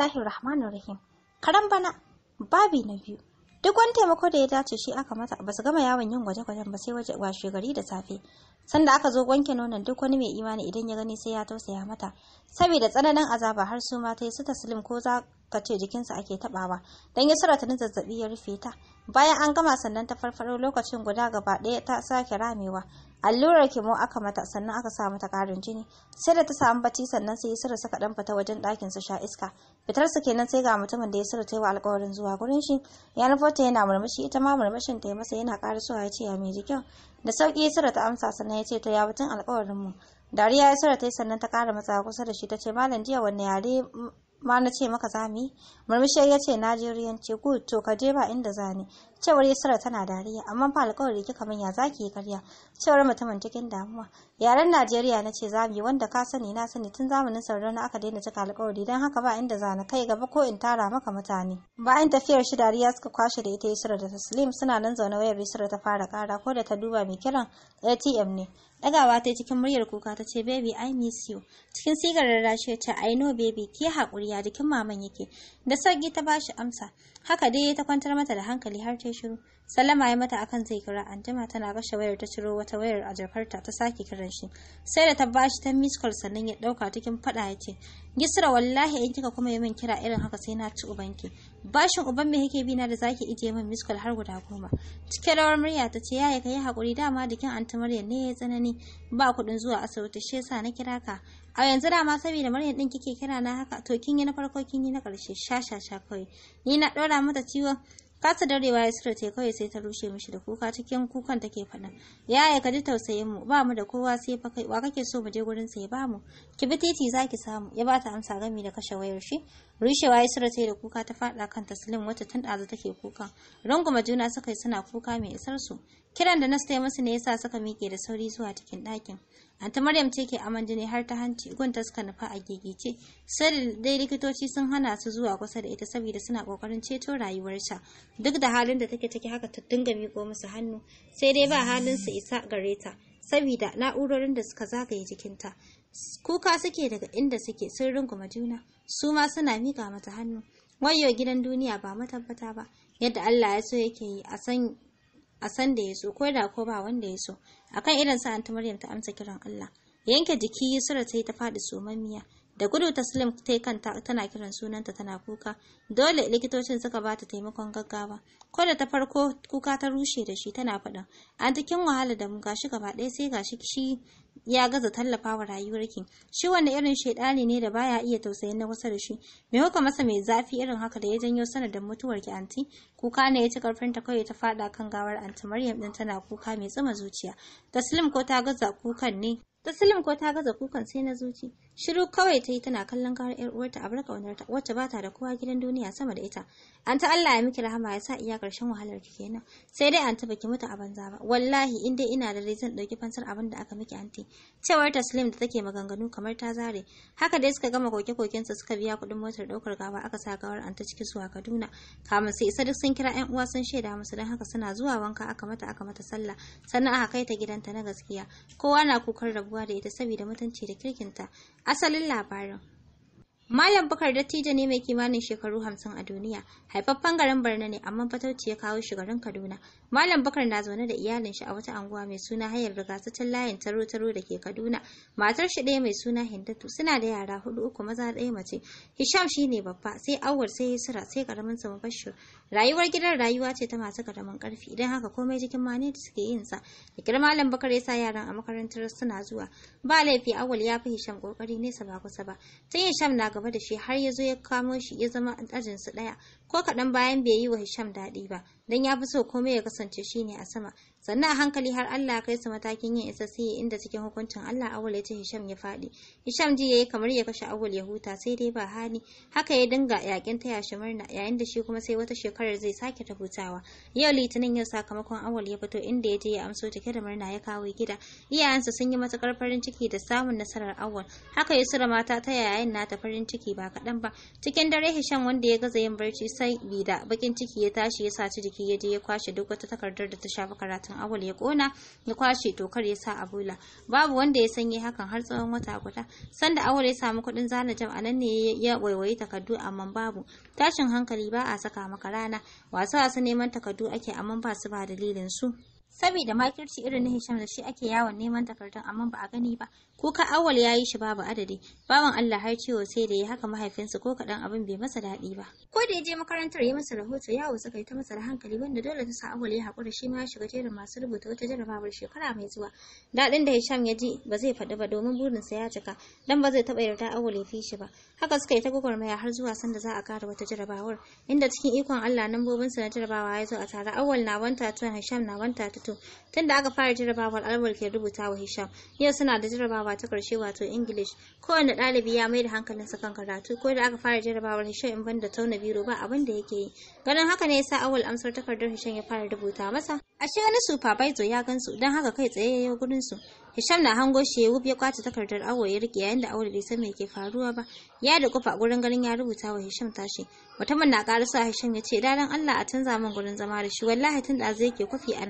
Bismillahir Rahmanir Rahim. Karan bana babi na biyu. Duk wani taimako da ya dace shi aka mata ba su gama yawon yin gwaje-gwajen ba sai waje washe gari da safe. Sanda aka zo wanke nonon duk wani mai imani idan ya gani sai ya tausaya mata. Saboda tsananin azaba har su ma ta yi su silim ko za ka ce jikinsa ake tabawa. Dan ya ta ni zazzabi ya rufe ta. Bayan an gama sannan ta farfaro lokacin guda gaba ɗaya ta sake ramewa. allurar kimo aka mata sannan aka sa mata karin jini sai da ta samu bacci sannan sai sirri suka dan fita wajen ɗakin su sha iska fitar su kenan sai ga mutumin da ya sirri taiwa alƙawarin zuwa gurin shi ya nufo yana murmushi ita ma murmushin ta masa yana ƙara so ya ce ya mai jikin da sauki ya sirri ta amsa sannan ya ce ta ya batun alƙawarin mu dariya ya sirri ta sannan ta ƙara matsa kusa da shi ta ce malam jiya wanne yare ma na ce maka zami murmushi ya ce Najeriya ce ku to ka je ba inda zane? cewar yasira tana dariya amma ba alƙawari kika min ya zaki yi karya cewar mutumin cikin damuwa yaren najeriya na ce zami wanda ka sani na sani tun zamanin sauran aka daina cika alƙawari don haka ba inda zane kai gaba ko in tara maka mutane bayan tafiyar shi dariya suka kwashe da ita yasira da taslim suna nan zaune wayar yasira ta fara kara ko da ta duba mai kiran atm ne Dagawa ta cikin muryar kuka ta ce, Baby, I miss you. Cikin sigar rarrashi ta ce, I know baby, ke haƙuri ya jikin maman yake. Da sauƙi ta bashi amsa. haka dai ya ta kwantar mata da hankali har ta shiru Salama ya mata akan zai kira anjima tana kashe wayar ta ciro wata wayar a jakarta ta sake kiran shi sai da ta bashi ta miss call sannan ya dauka cikin fada ya ce gisra wallahi in kika kuma yi min kira irin haka sai na ci ubanki bashin uban me yake bi na da zaki ije min miss call har guda goma cike rawar murya ta ce yaya kai hakuri dama dikin anti maryam ne ya tsanani ba kuɗin zuwa asibiti shi yasa na kira ka a yanzu dama saboda Maryam din kike kira na haka to kin yi na farko kin yi na karshe sha sha sha kawai ni na ɗora mata ciwon kasa darewa ya sirte kawai sai ta rushe mishi da kuka cikin kukan take faɗa yaya ka ji tausayin mu ba mu da kowa sai fa kai wa kake so mu je gurin sai ba mu ki bi titi zaki samu ya bata amsa gami da kashe wayar shi Rushewa ya sura ta da kuka ta faɗa kan taslim wata tun ɗazu take kuka. Runguma juna suka yi suna kuka mai isar su. Kiran da Nas ta yi musu ne yasa suka miƙe da sauri zuwa cikin ɗakin. Anta Maryam ce ke aman jini har ta hanci gun ta suka nufa a gigice. Sai dai likitoci sun hana su zuwa kusa da ita saboda suna kokarin ceto rayuwar sha. Duk da halin da take take haka ta dinga miƙo musu hannu, sai dai ba halin su isa gare ta saboda na'urorin da suka zagaye jikinta. Kuka suke daga inda suke sun runguma juna. su ma suna miƙa mata hannu wayyo gidan duniya ba matabbata ba yadda Allah ya so yake yi a san da ya so ko da ko ba wanda ya so akan irin sa Anta Maryam ta amsa kiran Allah yanke jiki Yusra ta yi ta faɗi somammiya da gudu taslim ta kanta tana kiran sunanta tana kuka dole likitocin suka ba ta taimakon gaggawa ko da ta farko kuka ta rushe da shi tana faɗa an cikin wahala da mu gashi gaba ɗaya sai gashi shi ya gaza tallafa wa rayuwarki shi wanda irin shaidani ne da baya iya tausayin na kusa da shi me kuka masa mai zafi irin haka da ya janyo sanadin mutuwarki anti kuka ne ya ci karfin ta kawai ta faɗa kan gawar anti Maryam din tana kuka mai tsuma zuciya taslim ko ta gaza kukan ne Ta Taslim ko ta gaza kukan sai na zuci. Shiru kawai ta yi tana kallon gawar ‘yar uwarta a bar ƙaunarta wacce ba da kowa gidan duniya sama da ita. An ta Allah ya miki rahama ya sa iya ƙarshen wahalar ki kenan. Sai dai an ta baki mutu a banza ba. Wallahi in dai ina da rizan dauki fansar abin da aka miki anti. Cewar ta Taslim da take maganganu kamar ta zare. Haka dai suka gama koke-kokensa suka biya kuɗin motar ɗaukar gawa aka sa gawar an ta ciki zuwa Kaduna. Kamun sai isa duk sun kira ‘yan uwa sun shaida musu don haka suna zuwa wanka aka mata aka mata sallah sannan aka kai ta gidanta na gaskiya. Kowa na kukar rabuwa da ita saboda mutunci da kirkinta. Asalin labarin. Malam Bukar dattijo ne mai kimanin shekaru hamsin a duniya, haifaffen garin Barna ne amma fatauci ya kawo shi garin Kaduna, Malam Bakar na zaune da iyalin shi a wata anguwa mai suna hayar riga rigakacin layin taro-taro da ke Kaduna. Matar shi ɗaya mai suna Hindatu suna da yara hudu uku maza ɗaya mace. Hisham shi ne babba sai awar sai Yusra sai karamin sa Mubashir. Rayuwar gidan rayuwa ce ta masu karamin karfi idan haka komai cikin mane da suke yin sa. Da kira Malam Bakar ya sa yaran a makarantar suna zuwa. Ba laifi Auwal ya fi Hisham kokari nesa ba kusa ba. Tun Hisham na gaba da shi har ya zo ya kamo shi ya zama ajin su ɗaya. ko kaɗan bayan bai yi wa Hisham daɗi ba, don ya fi so komai ya kasance shine a sama, sannan a hankali har Allah kai su matakin yin isa sai inda cikin hukuncin Allah awul ya ce Hisham ya faɗi Hisham ji yayi kamar ya kashe awul ya huta sai dai ba hali haka ya dinga yakin taya shi murna yayin da shi kuma sai wata shekarar zai sake ta hutawa yau litinin yau sakamakon awul ya fito inda ya je ya amso cike da murna ya kawo gida iyayensa sun yi matukar farin ciki da samun nasarar awul haka ya sura mata ta yayin nata farin ciki ba kaɗan ba cikin dare Hisham wanda ya gaza yin barci sai bida bakin ciki ya tashi ya saci jiki ya je ya kwashe duk wata takardar da ta shafa karatu akwatin awul ya kona ya kwashe tokar ya sa a bula babu wanda ya sanye hakan har tsawon wata guda sanda awul ya samu kuɗin zana jam anan ne ya waiwayi takardu amma babu tashin hankali ba a saka maka rana wasu wasu neman takardu ake amma ba su ba dalilin su saboda makirci irin na Hisham da shi ake yawon neman takardun amma ba a gani ba kuka awwal ya yi shi babu adadi bawan Allah har ciwo sai da ya haka mahaifinsa ko kaɗan abin bai masa daɗi ba ko da ya je makarantar ya masa rahoto yawo suka yi ta masa da hankali wanda dole ta sa awwal ya haƙura shi ma ya shiga jerin masu rubuta wata jarabawar shekara mai zuwa daɗin da Hisham ya ji ba zai faɗi ba domin burinsa ya cika dan ba zai taɓa yarda awwal ya fi shi ba haka suka yi ta gwagwarmaya har zuwa sanda za a kara wata jarabawar inda cikin ikon Allah bobinsa na jarabawa ya zo a tare awwal na wanta Hisham na wanta ta tun tunda aka fara jarabawar alwal ke rubuta wa hisham yau suna da jarabawa ta karshe wato english kowane ɗalibi ya mai da hankalinsa kan karatu ko da aka fara jarabawar hisham in banda tauna biro ba abin da yake yi ganin haka ne yasa awal amsar takardar hisham ya fara rubuta masa ashe wani supervisor ya gansu don haka kai tsaye ya gurin su Hisham na hango shi ya wuf ya kwace takardar awo ya rike yayin da awal bai san me ke faruwa ba. Ya da kufa gurin ganin ya rubuta wa Hisham tashi. Mutumin na karasa Hisham ya ce da dan Allah a canza min gurin zama da shi wallahi tun da zai ke kwafi a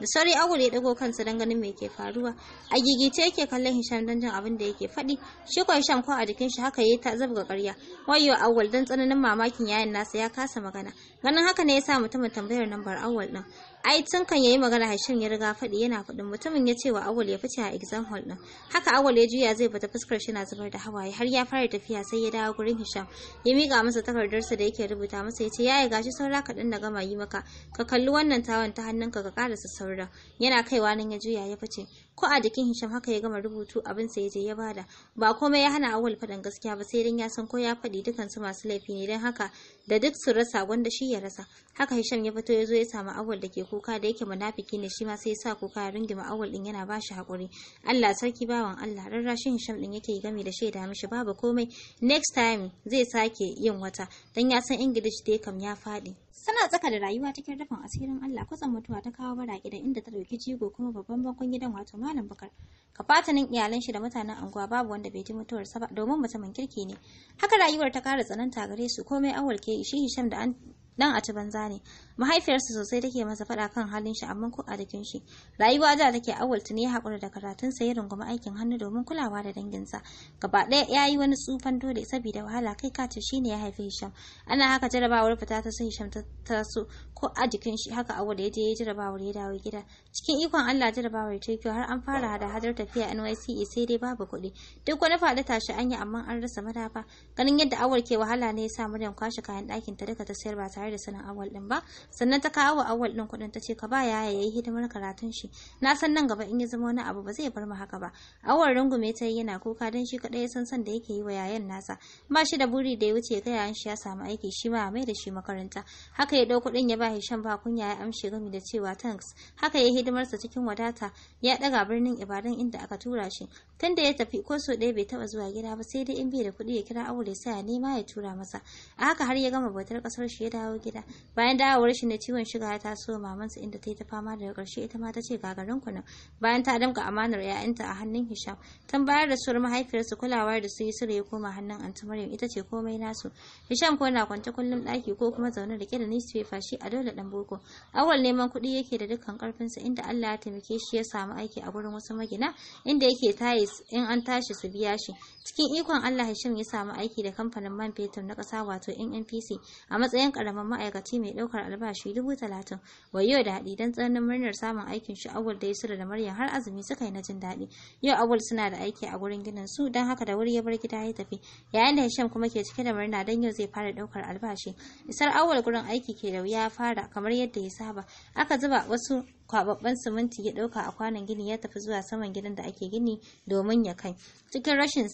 da sauri agul ya dago kansa don ganin me ke faruwa a gigice yake kallon hisham don jin abin da yake faɗi shi ko hisham ko a jikin shi haka yayi ta zabga ƙarya wayo awul don tsananin mamakin yayin nasa ya kasa magana ganin haka ne ya sa mutumin tambayar nambar awul din ai tun kan yayi magana Hashim ya riga faɗi yana faɗin mutumin ya ce wa Awul ya fice a exam hall din haka Awul ya juya zai bata fuskar shi na zubar da hawaye har ya fara tafiya sai ya dawo gurin Hisham ya miƙa masa takardarsa da yake rubuta masa ya ce yaya gashi saura kaɗan na gama yi maka ka kalli wannan tawon ta hannunka ka karasa saura. yana kaiwa nan ya juya ya fice ko a jikin Hisham haka ya gama rubutu abin sa ya je ya bada ba komai ya hana awal fadan gaskiya ba sai dan ya san ko ya faɗi su masu laifi ne dan haka da duk su rasa gwanda shi ya rasa haka Hisham ya fito ya zo ya samu awal da ke kuka da yake munafiki ne shi ma sai ya sa kuka ya rungima awal din yana bashi hakuri Allah sarki bawan Allah rarrashin Hisham din yake gami da shaida mishi babu komai next time zai sake yin wata dan ya san English dai kam ya faɗi Sana tsaka da rayuwa cikin rufin asirin Allah kusan mutuwa ta kawo bara gidan inda ta dauki jigo kuma babban bankon gidan wato Malam Bakar. Kafatanin iyalan shi da mutanen anguwa babu wanda bai ji mutuwar sa ba domin mutumin kirki ne. Haka rayuwar ta kara tsananta gare su komai awalke ke shi Hisham da an dan a ci banza ne mahaifiyarsa sosai take masa faɗa kan halin shi amma ko a jikin shi rayuwa da take awal tuni ya haƙura da karatun sa ya aikin hannu domin kulawa da danginsa gaba ɗaya yayi wani tsufan dole saboda wahala kai ka ce shine ya haife Hisham ana haka jarabawar fita ta su Hisham ta taso ko a jikin shi haka awal ya je ya jarabawar ya dawo gida cikin ikon Allah jarabawar ta kyau har an fara hada hadar tafiya NYC e sai dai babu kuɗi duk wani faɗi tashi an yi amma an rasa madafa ganin yadda awal ke wahala ne ya sa Maryam kwashe kayan ɗakin ta daga ta sayar ba tare tare da sanin awal din ba sannan ta kawo wa awal din kuɗin ta ce ka ba yaya yayi hidimar karatun shi na san nan gaba in ya zama wani abu ba zai bar mu haka ba awal rungume ta yi yana kuka dan shi kadai ya san san da yake yi wa yayan nasa ba shi da buri da ya wuce ga yayan shi ya samu aiki shi ma mai da shi makaranta haka ya dau kuɗin ya ba Hisham ba kunya ya amshe gami da cewa thanks haka ya hidimar sa cikin wadata ya daga birnin Ibadan inda aka tura shi Tunda ya tafi ko so ɗaya bai taɓa zuwa gida ba sai dai in bai da kuɗi ya kira aure sai ya nema ya tura masa a haka har ya gama bautar ƙasar shi ya dawo gida bayan dawowar shi na ciwon shiga ya taso mamansa inda ta yi ta fama daga ƙarshe ita ma ta ce gagarin ku nan bayan ta damka amanar 'ya'yanta a hannun hisham tun bayar da suwar mahaifiyarsu kulawar da su yi sura ya koma hannun anti maryam ita ce komai nasu hisham ko na kwance kullum ɗaki ko kuma zaune da da newspaper shi a dole ɗan boko awal neman kuɗi yake da dukkan ƙarfinsa inda allah ya taimake shi ya samu aiki a gurin wasu magina inda yake taye in an tashi su biya shi cikin ikon Allah Hashim ya samu aiki da kamfanin man fetur na ƙasa wato NNPC a matsayin ƙaramin ma'aikaci mai ɗaukar albashi dubu talatin wayo da haɗi don tsananin murnar samun aikin shi awul da Yusuf da Maryam har azumi suka yi na jin daɗi yau awul suna da aiki a gurin ginin su don haka da wuri ya bar gida ya tafi yayin da Hashim kuma ke cike da murna don yau zai fara ɗaukar albashi isar awul gurin aiki ke da wuya fara kamar yadda ya saba aka zuba wasu kwababban siminti ya ɗauka a kwanon gini ya tafi zuwa saman gidan da ake gini domin ya kai cikin rashin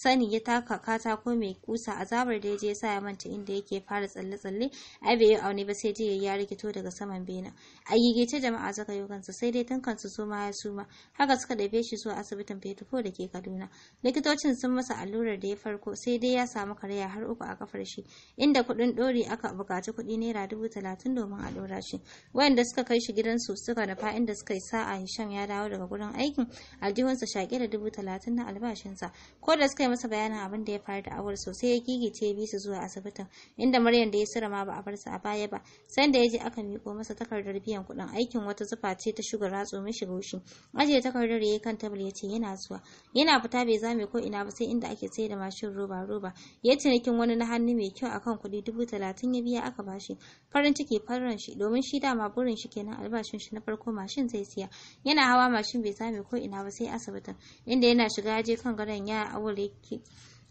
sani ya taka katako mai kusa azabar da ya je sa ya manta inda yake fara tsalle-tsalle ai bai yi aune ba sai jiya ya rikito daga saman bena a gigice jama'a suka yi kansa sai dai tun kansu suma ya suma haka suka ɗabe shi zuwa asibitin fetufo da ke kaduna likitocin sun masa allurar da ya farko sai dai ya samu karaya har uku a kafar shi inda kuɗin ɗori aka buƙaci kuɗi naira dubu talatin domin a ɗora shi wayanda suka kai shi gidansu su suka fa'in da suka yi sa'a Hisham ya dawo daga gurin aikin aljihunsa shaƙe da dubu talatin na albashinsa ko da suka yi masa bayanin abin da ya faru da awar sosai ya gigice bi su zuwa asibitin inda Maryam da ya sira ma ba a bar sa a baya ba san da ya je aka miko masa takardar biyan kuɗin aikin wata zufa ce ta shugar ratso mishi goshi ajiye takardar ya yi kan tabul ya ce yana zuwa yana fita bai zame ko ina ba sai inda ake sayar da mashin roba roba ya nakin wani na hannu mai kyau akan kuɗi dubu talatin ya biya aka bashi farin ciki farin shi domin shi dama burin shi kenan albashin aikin shi na farko mashin zai siya yana hawa mashin bai same ko ina ba sai asibitin inda yana shiga ya je kan gadon ya ki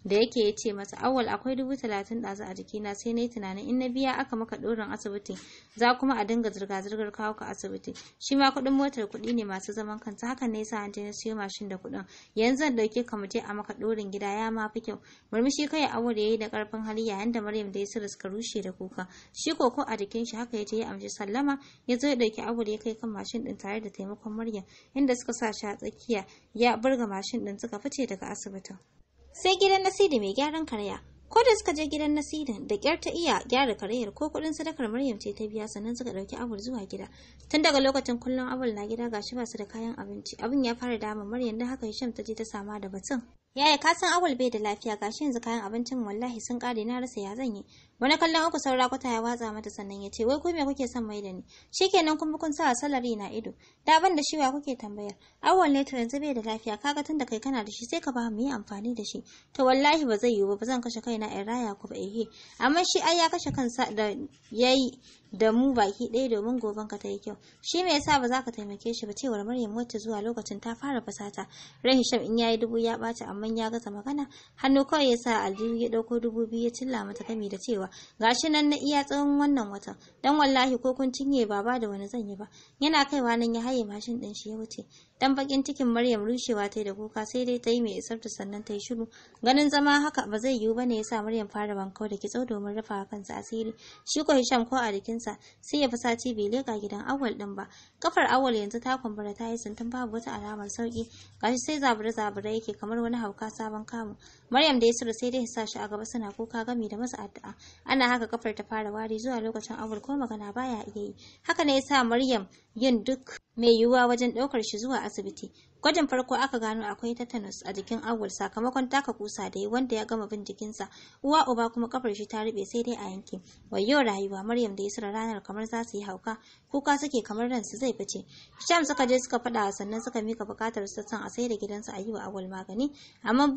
da yake ya ce masa awal akwai dubu talatin ɗazu a jikina sai na yi tunanin in na biya aka maka ɗorin asibiti za kuma a dinga zirga-zirgar kawo ka asibiti shi ma kuɗin motar kuɗi ne masu zaman kanta hakan ne yasa je na siyo mashin da kuɗin yanzu zan ɗauke ka mu a maka ɗorin gida ya ma fi kyau murmushi kai awal ya yi da ƙarfin hali yayin da maryam da ya yasir suka rushe da kuka shi koko a jikin shi haka ya je ya amshi sallama ya zo ya ɗauki awal ya kai kan mashin ɗin tare da taimakon maryam inda suka sa shi a tsakiya ya burga mashin ɗin suka fice daga asibitin. sai gidan nasiri mai gyaran karya ko da suka je gidan nasirin da kyar ta iya gyara karayar ko kuɗin sadakar maryam ce ta biya sannan suka ɗauki abul zuwa gida tun daga lokacin kullum abul na gida gashi ba su da kayan abinci abin ya fara dama maryam da haka hisham ta je ta sama da batun yaya ka san abul bai da lafiya gashi yanzu kayan abincin wallahi sun kare na rasa ya zan yi wani kallon uku saura kwata ya watsa mata sannan ya ce wai ku me kuke son mai da ni shikenan kun kun sa salari na ido da abin da shi wa kuke tambayar awon ne to yanzu da lafiya kaga da kai kana da shi sai ka ba mu yi amfani da shi to wallahi ba zai yi ba zan kashe kaina in raya ku ba ehe amma shi ai ya kashe kansa da yayi da mu baki ɗaya domin goben ka ta yi kyau shi me yasa ba za ka taimake shi ba cewar Maryam wacce zuwa lokacin ta fara fasata ran Hisham in yayi dubu ya ɓaci amma ya gaza magana hannu kawai yasa aljihu ya ɗauko dubu biyu ya cilla mata gami da cewa ba gashi nan na iya tsawon wannan watan dan wallahi ko kun cinye baba da wani zan yi ba yana kaiwa nan ya haye mashin din shi ya wuce dan bakin cikin Maryam rushewa ta da kuka sai dai ta yi mai isar da sannan ta yi shiru ganin zama haka ba zai yiwu bane yasa Maryam fara banko da kitso domin rufa kansa asiri shi ko Hisham ko a sa. sai ya fi sati bai leka gidan awal din ba kafar awal yanzu ta kumbura ta yi santan babu wata alamar sauki gashi sai zabura zabura yake kamar wani hauka sabon kamu Maryam da Yusuf sai dai sa shi a gaba suna kuka gami da masa addu'a ana haka kafar ta fara wari zuwa lokacin Awwal, ko magana baya iya yi haka ne yasa Maryam yin duk mai yiwuwa wajen ɗaukar shi zuwa asibiti. Gwajin farko aka gano akwai tetanus a jikin awul sakamakon taka kusa da yi wanda ya gama bin jikinsa. Uwa uba kuma kafar shi ta ruɓe, sai dai a yanke. yau rayuwa Maryam da Isra ranar kamar za su yi hauka, kuka suke kamar ransu zai fice. Sham suka je suka faɗa sannan suka mika bukatar su san a sai da gidansa a yi wa awul magani, amma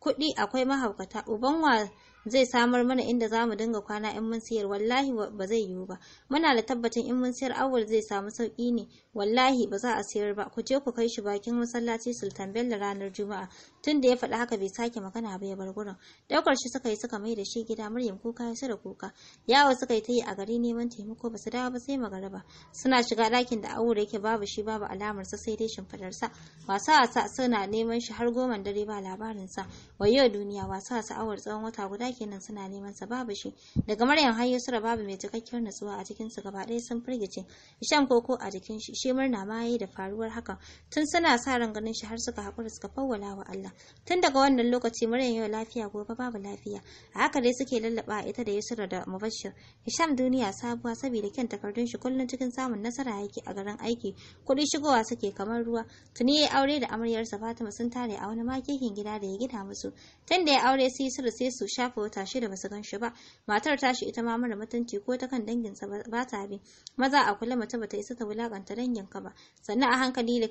kuɗi akwai mahaukata uban wa zai samar mana inda za mu dinga kwana in mun sayar, wallahi ba zai yiwu ba muna da tabbacin in mun sayar awul zai samu sauƙi ne wallahi ba za a sayar ba ku je ku kai shi bakin masallaci sultan bello ranar juma'a tun da ya faɗi haka bai sake magana ba ya bar gurin daukar shi suka yi suka mai da shi gida maryam kuka ya sada kuka Yawa suka yi ta yi a gari neman taimako ba su dawo ba sai magaraba suna shiga ɗakin da aure yake babu shi babu alamar alamarsa sai dai sa wasa wasa suna neman shi har goman dare ba labarin labarinsa wayo duniya wasu wasa awar tsawon wata guda kenan suna neman sa babu shi daga maryam har yusra babu mai cikakkiyar nutsuwa a cikin su gaba ɗaya sun firgice isham koko a jikin shi ce murna ma yayi da faruwar haka tun suna sa ran ganin shi har suka haƙura suka fawwala wa Allah tun daga wannan lokaci Maryam yau lafiya gobe babu lafiya a haka dai suke lallaba ita da Yusra da Mubashir Hisham duniya sabuwa saboda kyan takardun shi kullun cikin samun nasara yake a garin aiki kuɗi shigowa suke kamar ruwa tuni ya aure da amaryar sa Fatima sun tare a wani makekin gida da ya gida musu tun da ya aure sai Yusra sai su shafa wata shida basu gan shi ba matar tashi ita ma mara mutunci ko ta kan danginsa ba ta bi maza a kula mace bata isa ta wulakanta manyan ka ba sannan a hankali da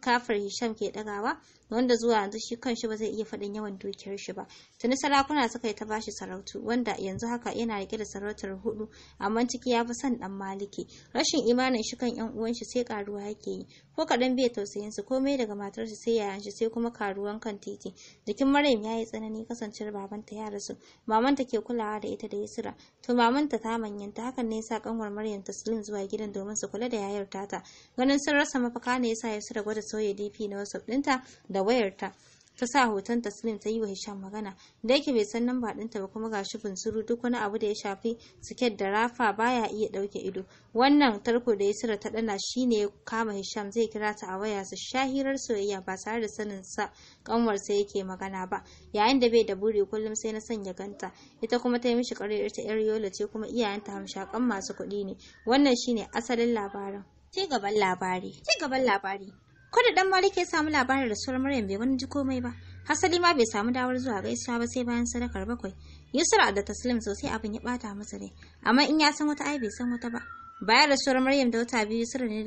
kafar Hisham ke dagawa wanda zuwa yanzu shi kanshi ba zai iya faɗin yawan dukiyar shi ba. Tuni sarakuna suka yi ta bashi sarautu wanda yanzu haka yana rike da sarautar hudu amma ciki ya fi son dan Maliki. Rashin imanin shi kan 'yan uwan shi sai karuwa yake yi. Ko kaɗan bai tausayin su komai daga matar shi sai yayan shi sai kuma karuwan kan titi. Jikin Maryam yayi tsanani kasancewar babanta ya rasu. Mamanta ke kulawa da ita da Yusra. To mamanta ta manyanta hakan ne ya sa kanwar Maryam Taslim zuwa gidan domin su kula da yayar tata. Ganin sun rasa mafaka ne yasa Yusra da gwada sauya DP na WhatsApp ɗinta da wayarta. ta sa hoton taslim ta yi wa hisham magana da yake bai san namba ɗinta ba kuma gashi bunsuru duk wani abu da ya shafi siket da rafa baya iya ɗauke ido wannan tarko da ya sira ta ɗana shine ya kama hisham zai kira ta a waya su sha soyayya ba tare da sanin sa kanwarsa yake magana ba yayin da bai da buri kullum sai na sanya ganta ita kuma ta yi mishi ƙaryar ta yar yola ce kuma iyayenta hamshakan masu kuɗi ne wannan shine asalin labarin ci gaban labari ci gaban labari Ko da dan Malik ya samu labarin rasuwar Maryam bai wani ji komai ba. Hasali ma bai samu dawar zuwa gaisuwa ba sai bayan sadakar bakwai. Yusra da Taslim sosai abin ya bata masa rai, amma in ya san wata ai bai san wata ba. Bayan rasuwar Maryam da wata biyu Yusra ne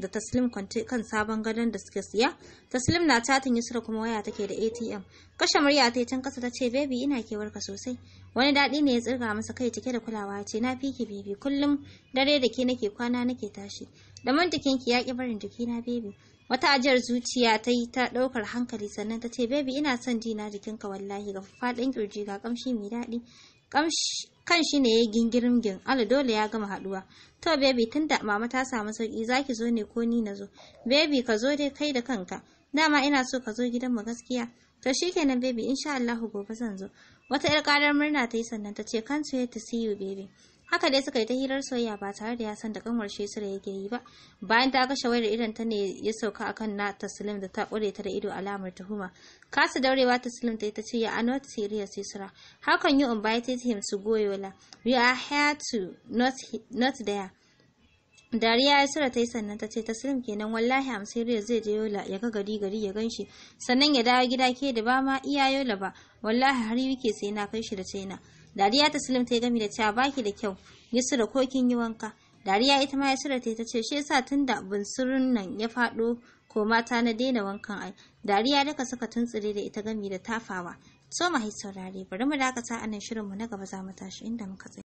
da Taslim kwanci kan sabon gadon da suke siya. Taslim na tatin Yusra kuma waya take da ATM. Kashe murya ta can kasa ta ce baby ina kewarka sosai. Wani daɗi ne ya tsirga masa kai cike da kulawa ce na fi ki bibi kullum dare da ke nake kwana nake tashi. Da mantikin ki ya ƙi barin jikina baby. wata ajiyar zuciya ta yi ta ɗaukar hankali sannan ta ce baby ina son jina jikinka wallahi ga faɗin ƙirji ga ƙamshi mai daɗi kan shi ne ya gingirin gin ala dole ya gama haɗuwa to baby da mama ta samu sauki ki zo ne ko ni na zo baby ka zo dai kai da kanka dama ina so ka zo gidanmu gaskiya to kenan, baby insha Allah gobe zan zo wata 'yar ƙarar murna ta yi sannan ta ce can't wait to see you baby haka dai suka yi ta hirar soyayya ba tare da ya san da kanwar shi yake yi ba bayan ta kashe wayar idan ta ne ya sauka akan na taslim da ta kure ta da ido alamar tuhuma kasa daurewa taslim ta ita ce ya not serious sura how can you invited him to go yola we are here to not not there Dariya ya sura ta yi sannan ta ce taslim kenan wallahi am serious zai je yola ya ga gari gari ya ganshi sannan ya dawo gida ke da ba ma iya yola ba wallahi har yi wike sai na kai shi da china Dariya ta Taslim ta yi gami da cewa baki da kyau, sura ko kin yi wanka. Dariya ita ma Yusra ta ta ce shi yasa tunda bunsurun nan ya faɗo ko mata na daina wankan ai. Dariya duka suka tuntsire da ita gami da tafawa. So mai saurare bari mu dakata a shirin shirinmu na gaba za mu tashi inda muka tsaya.